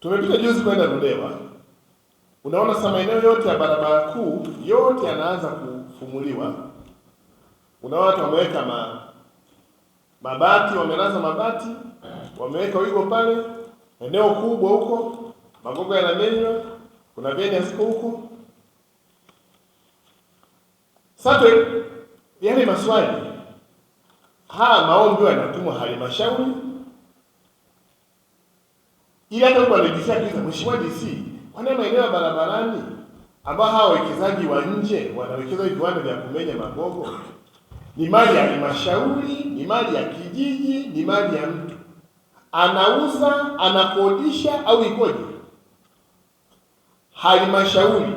Tumepita juzi kwenda Ludewa, unaona sasa maeneo yote ya barabara kuu yote yanaanza kufumuliwa. Unaona watu wameweka ma, mabati wamelaza mabati, wameweka wigo pale, eneo kubwa huko, magogo yanamenywa, kuna beni huko. Sasa yale maswali haya maombi yanatumwa halmashauri ili hata huku anajisia kiza Mheshimiwa DC, kwani maeneo ya barabarani ambao hawa wawekezaji wa nje wanawekeza viwanda vya kumenya magogo ni mali ya halmashauri, ni mali ya kijiji, ni mali ya mtu anauza, anakodisha au ikoje? Halmashauri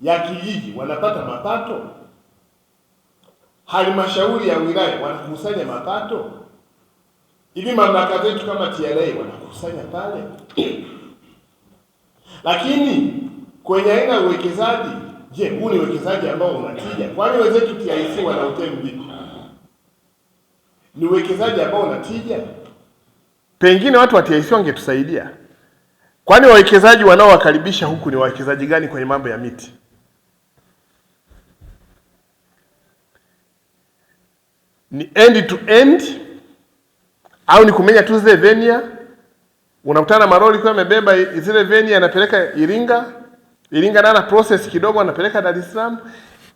ya kijiji wanapata mapato, halmashauri ya wilaya wanakusanya mapato hivi mamlaka zetu kama TRA wanakusanya pale, lakini kwenye aina ya uwekezaji, je, huu ni uwekezaji ambao unatija? Kwani wenzetu TIC wana hoteli vipi? Ni uwekezaji ambao unatija? Pengine watu wa TIC wangetusaidia. Kwani wawekezaji wanaowakaribisha huku ni wawekezaji gani kwenye mambo ya miti? Ni end to end au ni kumenya tu zile venia. Unakutana maroli kwa amebeba zile venia anapeleka Iringa, Iringa na process kidogo anapeleka Dar es Salaam,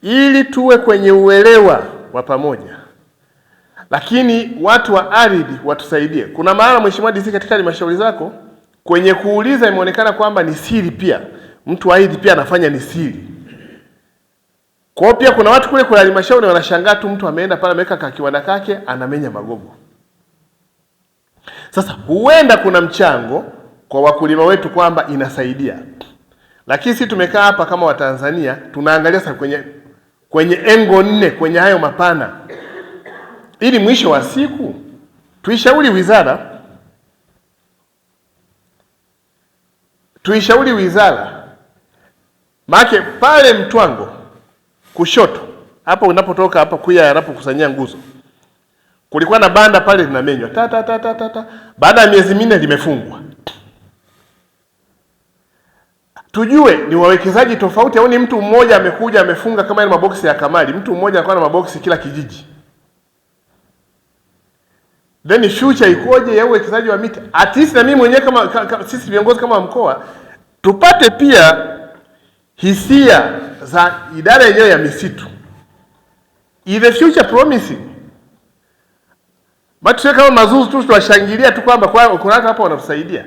ili tuwe kwenye uelewa wa pamoja, lakini watu wa ardhi watusaidie. Kuna maana mheshimiwa DC, katika halmashauri zako kwenye kuuliza imeonekana kwamba ni siri, pia mtu wa ardhi pia anafanya ni siri. Kwa pia kuna watu kule kwa halmashauri wanashangaa tu, mtu ameenda pale ameweka kakiwanda kake anamenya magogo. Sasa huenda kuna mchango kwa wakulima wetu kwamba inasaidia, lakini sisi tumekaa hapa kama Watanzania tunaangalia sasa kwenye kwenye engo nne kwenye hayo mapana, ili mwisho wa siku tuishauri wizara tuishauri wizara, make pale Mtwango kushoto hapo unapotoka hapa kuya anapokusanyia nguzo Kulikuwa na banda pale linamenywa ta ta ta ta ta. Baada ya miezi minne limefungwa. Tujue ni wawekezaji tofauti au ni mtu mmoja amekuja amefunga kama ile maboksi ya Kamali, mtu mmoja alikuwa na maboksi kila kijiji. Then future ikoje ya uwekezaji wa miti? At least na mimi mwenyewe kama, kama sisi viongozi kama mkoa tupate pia hisia za idara yenyewe ya misitu. Is the future promising? Bado tuwe kama mazuzu tu tuwashangilia tu kwamba kwa kuna watu hapa wanatusaidia.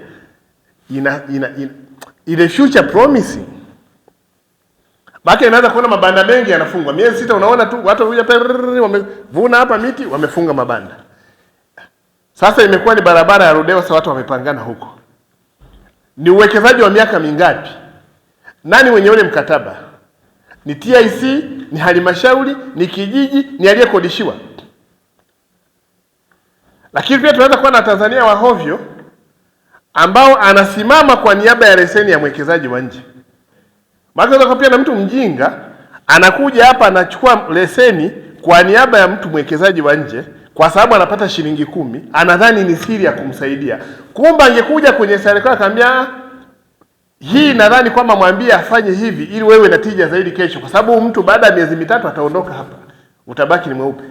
Ina, ina, ile future promise. Baki inaanza kuona mabanda mengi yanafungwa. Miezi sita unaona tu watu huja wamevuna hapa miti wamefunga mabanda. Sasa imekuwa ni barabara ya rodeo sasa watu wamepangana huko. Ni uwekezaji wa miaka mingapi? Nani mwenye ule mkataba? Ni TIC, ni halmashauri, ni kijiji, ni aliyekodishiwa. Lakini pia tunaweza kuwa na Tanzania wa hovyo ambao anasimama kwa niaba ya leseni ya mwekezaji wa nje. Maana pia na mtu mjinga anakuja hapa anachukua leseni kwa niaba ya mtu mwekezaji wa nje kwa sababu anapata shilingi kumi, anadhani ni siri ya kumsaidia. Kumbe angekuja kwenye serikali akamwambia ah, hii nadhani kwamba mwambie afanye hivi ili wewe natija zaidi kesho, kwa sababu mtu baada ya miezi mitatu ataondoka hapa, utabaki ni mweupe.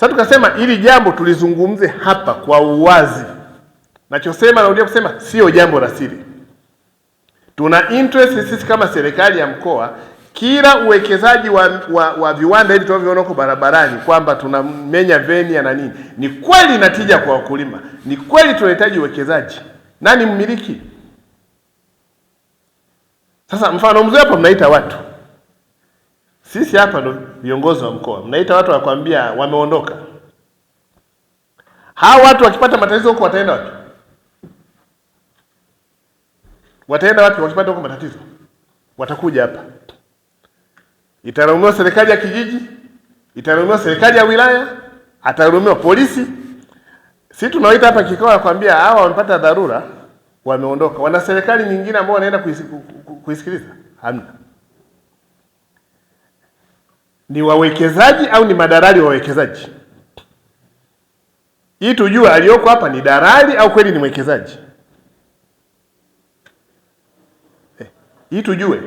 Sasa tukasema hili jambo tulizungumze hapa kwa uwazi. Nachosema narudia kusema sio jambo la siri. Tuna interest sisi kama serikali ya mkoa kila uwekezaji wa, wa, wa viwanda hivi tunavyoona huko barabarani kwamba tunamenya veni ya na nini, ni kweli natija kwa wakulima, ni kweli tunahitaji uwekezaji. Nani mmiliki? Sasa mfano mzuri hapo, mnaita watu sisi hapa ndo viongozi wa mkoa, mnaita watu wakwambia wameondoka. Hao watu wakipata matatizo huko wataenda wapi? Wataenda wapi wakipata huko matatizo? Watakuja hapa, italaumiwa serikali ya kijiji, italaumiwa serikali ya wilaya, atalaumiwa polisi. Sisi tunawaita hapa kikao, nakwambia hawa wamepata dharura, wameondoka. Wana serikali nyingine ambao wanaenda kuisikiliza? Hamna ni wawekezaji au ni madalali wa wawekezaji? Hii tujue aliyoko hapa ni dalali au kweli ni mwekezaji. Eh, hii tujue,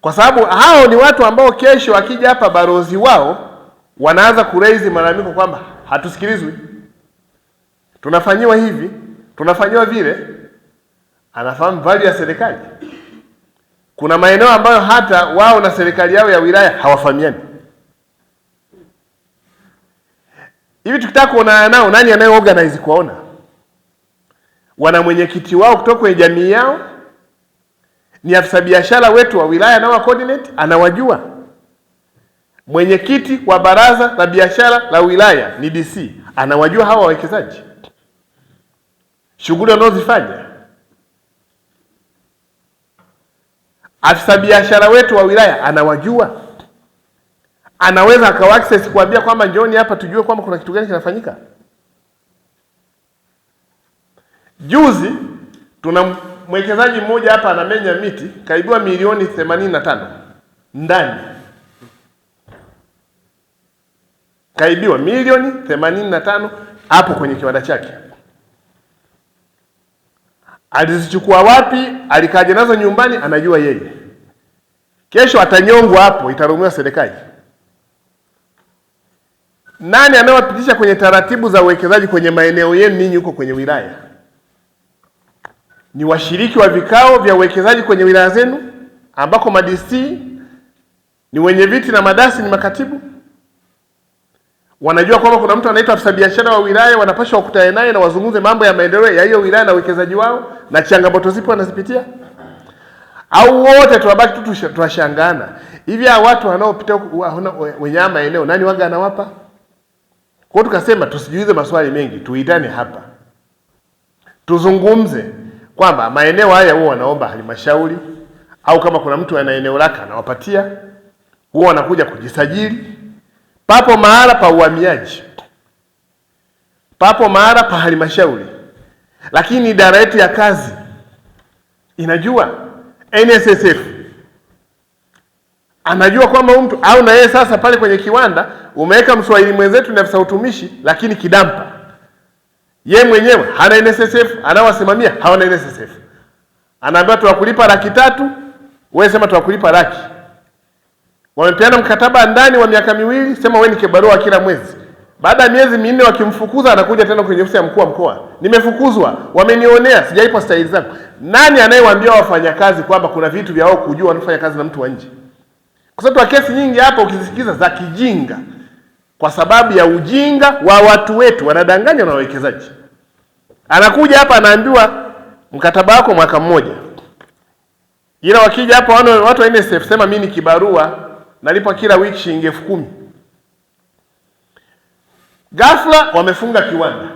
kwa sababu hao ni watu ambao kesho akija hapa balozi wao wanaanza kuraise malalamiko kwamba hatusikilizwi, tunafanyiwa hivi, tunafanyiwa vile. Anafahamu value ya serikali. Kuna maeneo ambayo hata wao na serikali yao ya wilaya hawafahamiani. Hivi tukitaka kuonana nao, nani anaye organize kuwaona? Wana mwenyekiti wao kutoka kwenye jamii yao, ni afisa biashara wetu wa wilaya na wa coordinate anawajua. Mwenyekiti wa baraza la biashara la wilaya ni DC, anawajua hawa wawekezaji, shughuli wanazozifanya Afisa biashara wetu wa wilaya anawajua, anaweza akawa access kuambia kwamba njoni hapa tujue kwamba kuna kitu gani kinafanyika. Juzi tuna mwekezaji mmoja hapa anamenya miti kaibiwa milioni themanini na tano ndani, kaibiwa milioni themanini na tano hapo kwenye kiwanda chake alizichukua wapi, alikaja nazo nyumbani, anajua yeye. Kesho atanyongwa hapo, italaumiwa serikali. Nani anayewapitisha kwenye taratibu za uwekezaji kwenye maeneo yenu ninyi huko kwenye wilaya? Ni washiriki wa vikao vya uwekezaji kwenye wilaya zenu ambako madisi ni wenye viti na madasi ni makatibu wanajua kwamba kuna mtu anaitwa afisa biashara wa wilaya, wanapaswa wakutane naye na wazungumze mambo ya maendeleo ya hiyo wilaya na uwekezaji wao na changamoto zipo wanazipitia, au wote tunabaki tu tunashangana hivi, hao watu wanaopita wenye haya maeneo nani waga anawapa? kwao? tukasema tusijiulize maswali mengi, tuitane hapa tuzungumze kwamba maeneo haya huwa wanaomba halmashauri, au kama kuna mtu ana eneo lake anawapatia, huwa wanakuja kujisajili Papo mahala pa uhamiaji, papo mahala pa halmashauri, lakini idara yetu ya kazi inajua, NSSF anajua kwamba mtu au na yeye sasa, pale kwenye kiwanda umeweka mswahili mwenzetu na afisa utumishi, lakini kidampa ye mwenyewe hana NSSF, anawasimamia hawana NSSF, anaambiwa tuwakulipa laki tatu, wewe sema tuwakulipa laki wamepeana mkataba ndani wa miaka miwili, sema wewe ni kibarua kila mwezi. Baada ya miezi minne wakimfukuza, anakuja tena kwenye ofisi ya mkuu wa mkoa, nimefukuzwa, wamenionea, sijaipa stahili zangu. Nani anayewaambia wafanyakazi kwamba kuna vitu vya wao kujua wanafanya kazi na mtu wa nje? Kwa sababu kesi nyingi hapa ukisikiza za kijinga, kwa sababu ya ujinga wa watu wetu, wanadanganywa na wawekezaji. Anakuja hapa anaambiwa mkataba wako mwaka mmoja, ila wakija hapa watu wa NSF sema mimi ni kibarua nalipa kila wiki shilingi elfu kumi. Ghafla wamefunga kiwanda,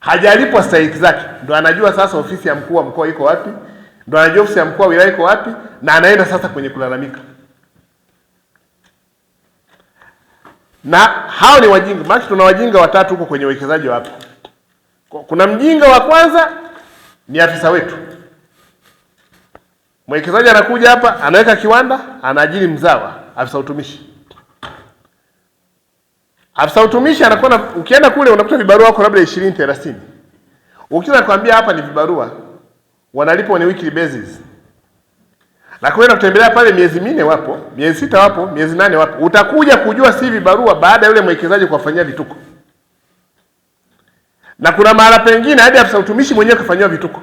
hajalipwa stahiki zake, ndo anajua sasa ofisi ya mkuu wa mkoa iko wapi, ndo anajua ofisi ya mkuu wa wilaya iko wapi, na anaenda sasa kwenye kulalamika. Na hao ni wajinga, maana tuna wajinga watatu huko kwenye uwekezaji wa hapa. Kuna mjinga wa kwanza ni afisa wetu Mwekezaji anakuja hapa, anaweka kiwanda, anaajiri mzawa, afisa utumishi. Afisa utumishi anakuwa na, ukienda kule unakuta vibarua wako labda 20 30. Ukiwa nakwambia hapa ni vibarua wanalipwa ni weekly basis. Na kwenda kutembelea pale miezi minne wapo, miezi sita wapo, miezi nane wapo. Utakuja kujua si vibarua baada ya yule mwekezaji kuwafanyia vituko. Na kuna mahala pengine hadi afisa utumishi mwenyewe kafanywa vituko.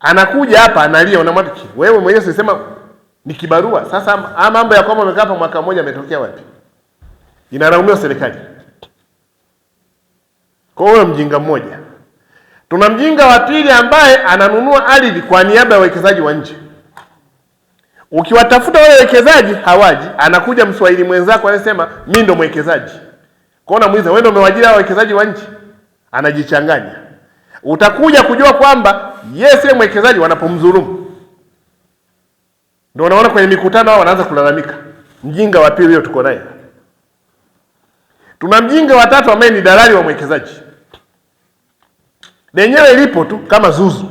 Anakuja hapa analia, unamwambia wewe mwenyewe ulisema ni kibarua. Sasa ama mambo ya kwamba umekaa hapa mwaka mmoja ametokea wapi? Inalaumiwa serikali. Kwa hiyo mjinga mmoja. Tuna mjinga wa pili ambaye ananunua ardhi kwa niaba ya wawekezaji wa nje. Ukiwatafuta wale wawekezaji hawaji, anakuja Mswahili mwenzako anasema mimi ndo mwekezaji. Kwa hiyo namuuliza wewe ndo umewajira wawekezaji wa nje? Anajichanganya. Utakuja kujua kwamba yeye sile mwekezaji wanapomdhulumu, ndio unaona kwenye mikutano hao wanaanza kulalamika, mjinga wa pili huyo tuko naye. Tuna mjinga wa tatu ambaye ni dalali wa mwekezaji, lenyewe lipo tu kama zuzu,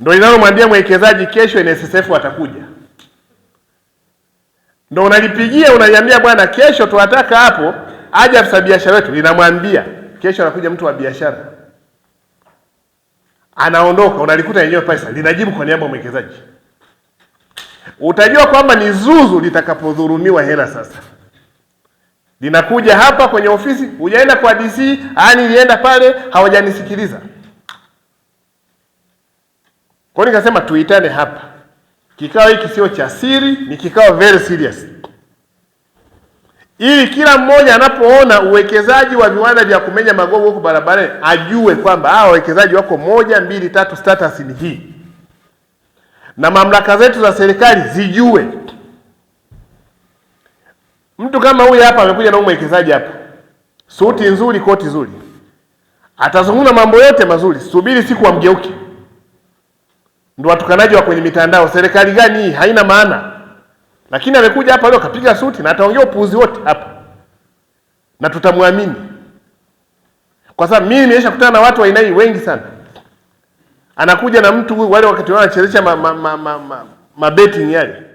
ndio linalomwambia mwekezaji kesho NSSF watakuja, ndio unalipigia unaliambia, bwana, kesho tunataka hapo aje afisa biashara wetu, linamwambia kesho anakuja mtu wa biashara anaondoka, unalikuta yenyewe pesa linajibu kwa niaba ya mwekezaji. Utajua kwamba ni zuzu litakapodhulumiwa hela. Sasa linakuja hapa kwenye ofisi, hujaenda kwa DC, ani nilienda pale, hawajanisikiliza. Kwa nikasema tuitane hapa, kikao hiki sio cha siri, ni kikao very serious ili kila mmoja anapoona uwekezaji wa viwanda vya kumenya magogo huko barabarani ajue kwamba hawa ah, wawekezaji wako moja mbili tatu, status ni hii, na mamlaka zetu za serikali zijue. Mtu kama huyu hapa amekuja na mwekezaji hapa, suti nzuri, koti nzuri, atazungumza mambo yote mazuri, subiri siku amgeuke. Ndio watukanaji wa kwenye mitandao. Serikali gani hii? Haina maana lakini amekuja hapa leo kapiga suti na ataongea upuuzi wote hapa na tutamwamini, kwa sababu mimi kutana na watu wainai wengi sana. Anakuja na mtu wale wakati anachezesha ma, ma, ma, ma, ma, ma betting yale